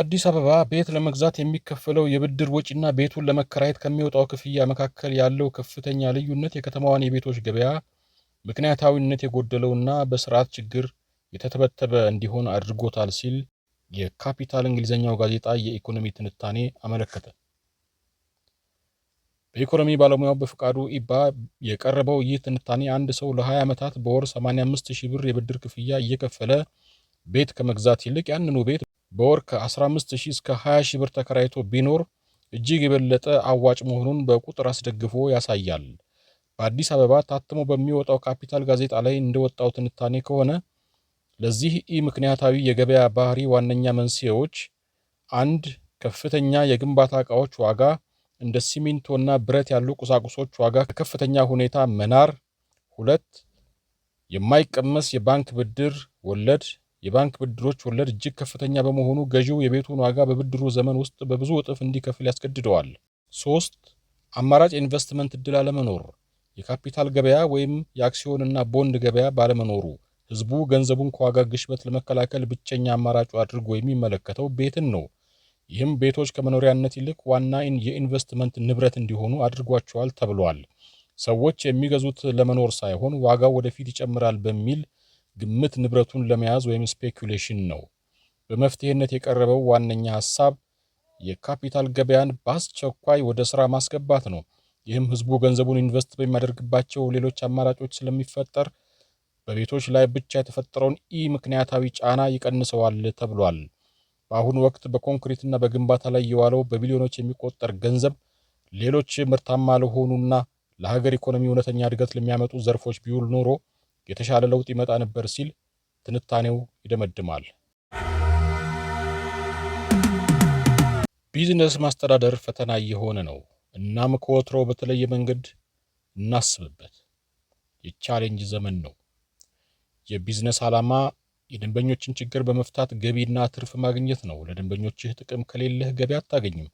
በአዲስ አበባ ቤት ለመግዛት የሚከፈለው የብድር ወጪና ቤቱን ለመከራየት ከሚወጣው ክፍያ መካከል ያለው ከፍተኛ ልዩነት የከተማዋን የቤቶች ገበያ ምክንያታዊነት የጎደለውና በስርዓት ችግር የተተበተበ እንዲሆን አድርጎታል ሲል የካፒታል እንግሊዝኛው ጋዜጣ የኢኮኖሚ ትንታኔ አመለከተ። በኢኮኖሚ ባለሙያው በፍቃዱ ኢባ የቀረበው ይህ ትንታኔ አንድ ሰው ለ20 ዓመታት በወር 85 ሺህ ብር የብድር ክፍያ እየከፈለ ቤት ከመግዛት ይልቅ ያንኑ ቤት በወር ከ15 ሺህ እስከ 20 ሺህ ብር ተከራይቶ ቢኖር እጅግ የበለጠ አዋጭ መሆኑን በቁጥር አስደግፎ ያሳያል። በአዲስ አበባ ታትሞ በሚወጣው ካፒታል ጋዜጣ ላይ እንደወጣው ትንታኔ ከሆነ ለዚህ ኢ ምክንያታዊ የገበያ ባህሪ ዋነኛ መንስኤዎች አንድ ከፍተኛ የግንባታ ዕቃዎች ዋጋ እንደ ሲሚንቶና ብረት ያሉ ቁሳቁሶች ዋጋ ከከፍተኛ ሁኔታ መናር፣ ሁለት የማይቀመስ የባንክ ብድር ወለድ የባንክ ብድሮች ወለድ እጅግ ከፍተኛ በመሆኑ ገዢው የቤቱን ዋጋ በብድሩ ዘመን ውስጥ በብዙ እጥፍ እንዲከፍል ያስገድደዋል። ሶስት አማራጭ የኢንቨስትመንት እድል አለመኖር፣ የካፒታል ገበያ ወይም የአክሲዮንና ቦንድ ገበያ ባለመኖሩ ህዝቡ ገንዘቡን ከዋጋ ግሽበት ለመከላከል ብቸኛ አማራጩ አድርጎ የሚመለከተው ቤትን ነው። ይህም ቤቶች ከመኖሪያነት ይልቅ ዋና የኢንቨስትመንት ንብረት እንዲሆኑ አድርጓቸዋል ተብሏል። ሰዎች የሚገዙት ለመኖር ሳይሆን ዋጋው ወደፊት ይጨምራል በሚል ግምት ንብረቱን ለመያዝ ወይም ስፔኩሌሽን ነው። በመፍትሄነት የቀረበው ዋነኛ ሀሳብ የካፒታል ገበያን በአስቸኳይ ወደ ስራ ማስገባት ነው። ይህም ህዝቡ ገንዘቡን ኢንቨስት በሚያደርግባቸው ሌሎች አማራጮች ስለሚፈጠር በቤቶች ላይ ብቻ የተፈጠረውን ኢ ምክንያታዊ ጫና ይቀንሰዋል ተብሏል። በአሁኑ ወቅት በኮንክሪትና በግንባታ ላይ የዋለው በቢሊዮኖች የሚቆጠር ገንዘብ ሌሎች ምርታማ ለሆኑና ለሀገር ኢኮኖሚ እውነተኛ እድገት ለሚያመጡ ዘርፎች ቢውል ኖሮ የተሻለ ለውጥ ይመጣ ነበር ሲል ትንታኔው ይደመድማል። ቢዝነስ ማስተዳደር ፈተና እየሆነ ነው። እናም ከወትሮ በተለየ መንገድ እናስብበት። የቻሌንጅ ዘመን ነው። የቢዝነስ ዓላማ የደንበኞችን ችግር በመፍታት ገቢና ትርፍ ማግኘት ነው። ለደንበኞችህ ጥቅም ከሌለህ ገቢ አታገኝም።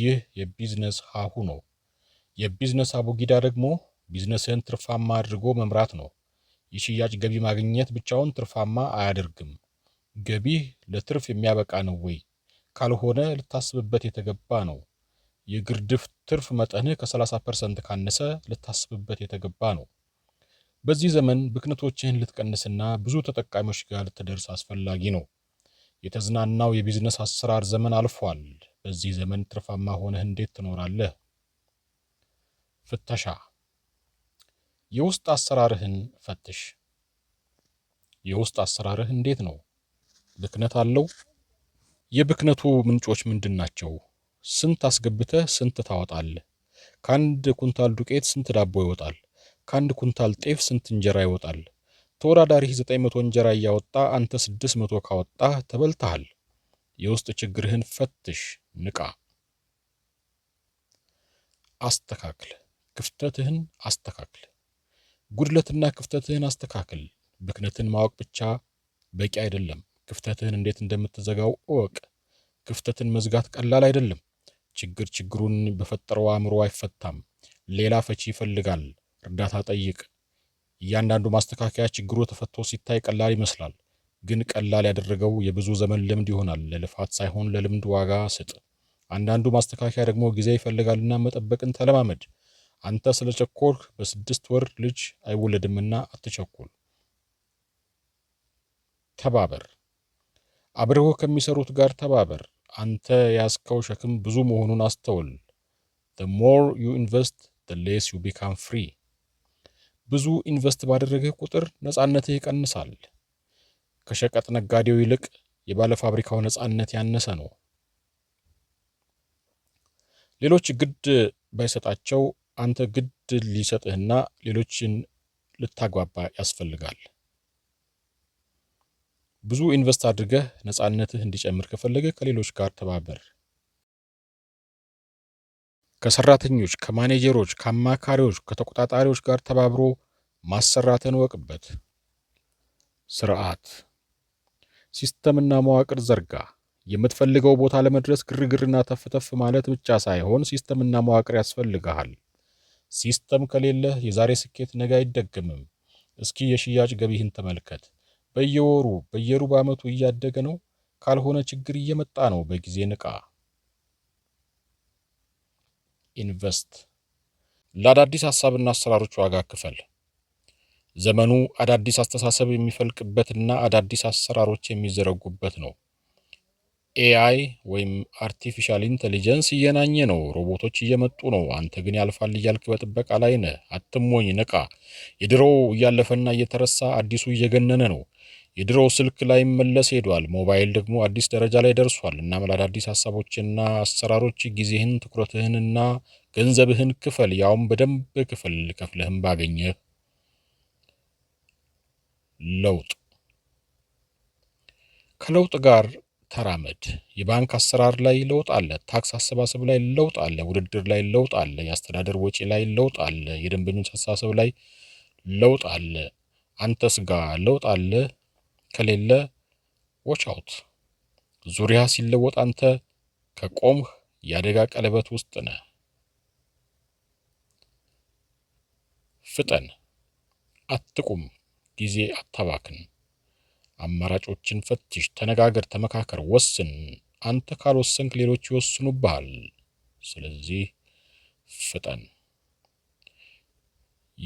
ይህ የቢዝነስ ሀሁ ነው። የቢዝነስ አቡጊዳ ደግሞ ቢዝነስህን ትርፋማ አድርጎ መምራት ነው። የሽያጭ ገቢ ማግኘት ብቻውን ትርፋማ አያደርግም። ገቢህ ለትርፍ የሚያበቃ ነው ወይ? ካልሆነ ልታስብበት የተገባ ነው። የግርድፍ ትርፍ መጠንህ ከ30 ፐርሰንት ካነሰ ልታስብበት የተገባ ነው። በዚህ ዘመን ብክነቶችህን ልትቀንስና ብዙ ተጠቃሚዎች ጋር ልትደርስ አስፈላጊ ነው። የተዝናናው የቢዝነስ አሰራር ዘመን አልፏል። በዚህ ዘመን ትርፋማ ሆነህ እንዴት ትኖራለህ? ፍተሻ የውስጥ አሰራርህን ፈትሽ። የውስጥ አሰራርህ እንዴት ነው? ብክነት አለው? የብክነቱ ምንጮች ምንድን ናቸው? ስንት አስገብተህ ስንት ታወጣለህ? ከአንድ ኩንታል ዱቄት ስንት ዳቦ ይወጣል? ከአንድ ኩንታል ጤፍ ስንት እንጀራ ይወጣል? ተወዳዳሪህ 900 መቶ እንጀራ እያወጣ አንተ 600 መቶ ተበልተሃል። የውስጥ ችግርህን ፈትሽ፣ ንቃ፣ አስተካክል፣ ክፍተትህን አስተካክል። ጉድለትና ክፍተትህን አስተካክል። ብክነትን ማወቅ ብቻ በቂ አይደለም። ክፍተትህን እንዴት እንደምትዘጋው እወቅ። ክፍተትን መዝጋት ቀላል አይደለም። ችግር ችግሩን በፈጠረው አእምሮ አይፈታም። ሌላ ፈቺ ይፈልጋል። እርዳታ ጠይቅ። እያንዳንዱ ማስተካከያ ችግሩ ተፈቶ ሲታይ ቀላል ይመስላል፣ ግን ቀላል ያደረገው የብዙ ዘመን ልምድ ይሆናል። ለልፋት ሳይሆን ለልምድ ዋጋ ስጥ። አንዳንዱ ማስተካከያ ደግሞ ጊዜ ይፈልጋልና መጠበቅን ተለማመድ። አንተ ስለ ቸኮልክ በስድስት ወር ልጅ አይወለድምና አትቸኩል። ተባበር። አብረው ከሚሰሩት ጋር ተባበር። አንተ ያስከው ሸክም ብዙ መሆኑን አስተውል። the more you invest the less you become free። ብዙ ኢንቨስት ባደረገ ቁጥር ነጻነትህ ይቀንሳል። ከሸቀጥ ነጋዴው ይልቅ የባለፋብሪካው ነጻነት ያነሰ ነው። ሌሎች ግድ ባይሰጣቸው አንተ ግድ ሊሰጥህና ሌሎችን ልታግባባ ያስፈልጋል። ብዙ ኢንቨስት አድርገህ ነፃነትህ እንዲጨምር ከፈለገ ከሌሎች ጋር ተባበር። ከሰራተኞች፣ ከማኔጀሮች፣ ከአማካሪዎች፣ ከተቆጣጣሪዎች ጋር ተባብሮ ማሰራትን ወቅበት። ስርዓት፣ ሲስተምና መዋቅር ዘርጋ። የምትፈልገው ቦታ ለመድረስ ግርግርና ተፍተፍ ማለት ብቻ ሳይሆን ሲስተምና መዋቅር ያስፈልግሃል። ሲስተም ከሌለ የዛሬ ስኬት ነገ አይደገምም። እስኪ የሽያጭ ገቢህን ተመልከት። በየወሩ በየሩብ ዓመቱ እያደገ ነው። ካልሆነ ችግር እየመጣ ነው። በጊዜ ንቃ። ኢንቨስት ለአዳዲስ ሀሳብና አሰራሮች ዋጋ ክፈል። ዘመኑ አዳዲስ አስተሳሰብ የሚፈልቅበትና አዳዲስ አሰራሮች የሚዘረጉበት ነው። ኤአይ ወይም አርቲፊሻል ኢንቴሊጀንስ እየናኘ ነው፣ ሮቦቶች እየመጡ ነው፣ አንተ ግን ያልፋል እያልክ በጥበቃ ላይ ነህ። አትሞኝ፣ ንቃ። የድሮው እያለፈና እየተረሳ አዲሱ እየገነነ ነው። የድሮው ስልክ ላይ መለስ ሄዷል። ሞባይል ደግሞ አዲስ ደረጃ ላይ ደርሷል። እናም ለአዳዲስ ሀሳቦችና አሰራሮች ጊዜህን ትኩረትህንና ገንዘብህን ክፈል፣ ያውም በደንብ ክፈል። ከፍለህም ባገኘህ ለውጥ ከለውጥ ጋር ተራመድ። የባንክ አሰራር ላይ ለውጥ አለ። ታክስ አሰባሰብ ላይ ለውጥ አለ። ውድድር ላይ ለውጥ አለ። የአስተዳደር ወጪ ላይ ለውጥ አለ። የደንበኞች አስተሳሰብ ላይ ለውጥ አለ። አንተስ ጋር ለውጥ አለ? ከሌለ ዎች አውት። ዙሪያ ሲለወጥ አንተ ከቆምህ የአደጋ ቀለበት ውስጥ ነ ፍጠን፣ አትቁም፣ ጊዜ አታባክን። አማራጮችን ፈትሽ፣ ተነጋገር፣ ተመካከር፣ ወስን። አንተ ካልወሰንክ ሌሎች ይወስኑብሃል። ስለዚህ ፍጠን።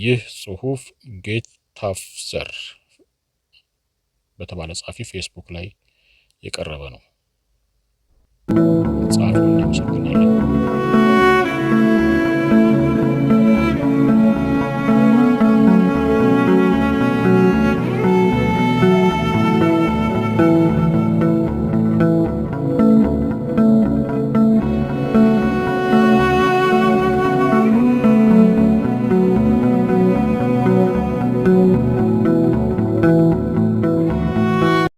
ይህ ጽሁፍ ጌታፍዘር በተባለ ጸሐፊ ፌስቡክ ላይ የቀረበ ነው። ጸሐፊ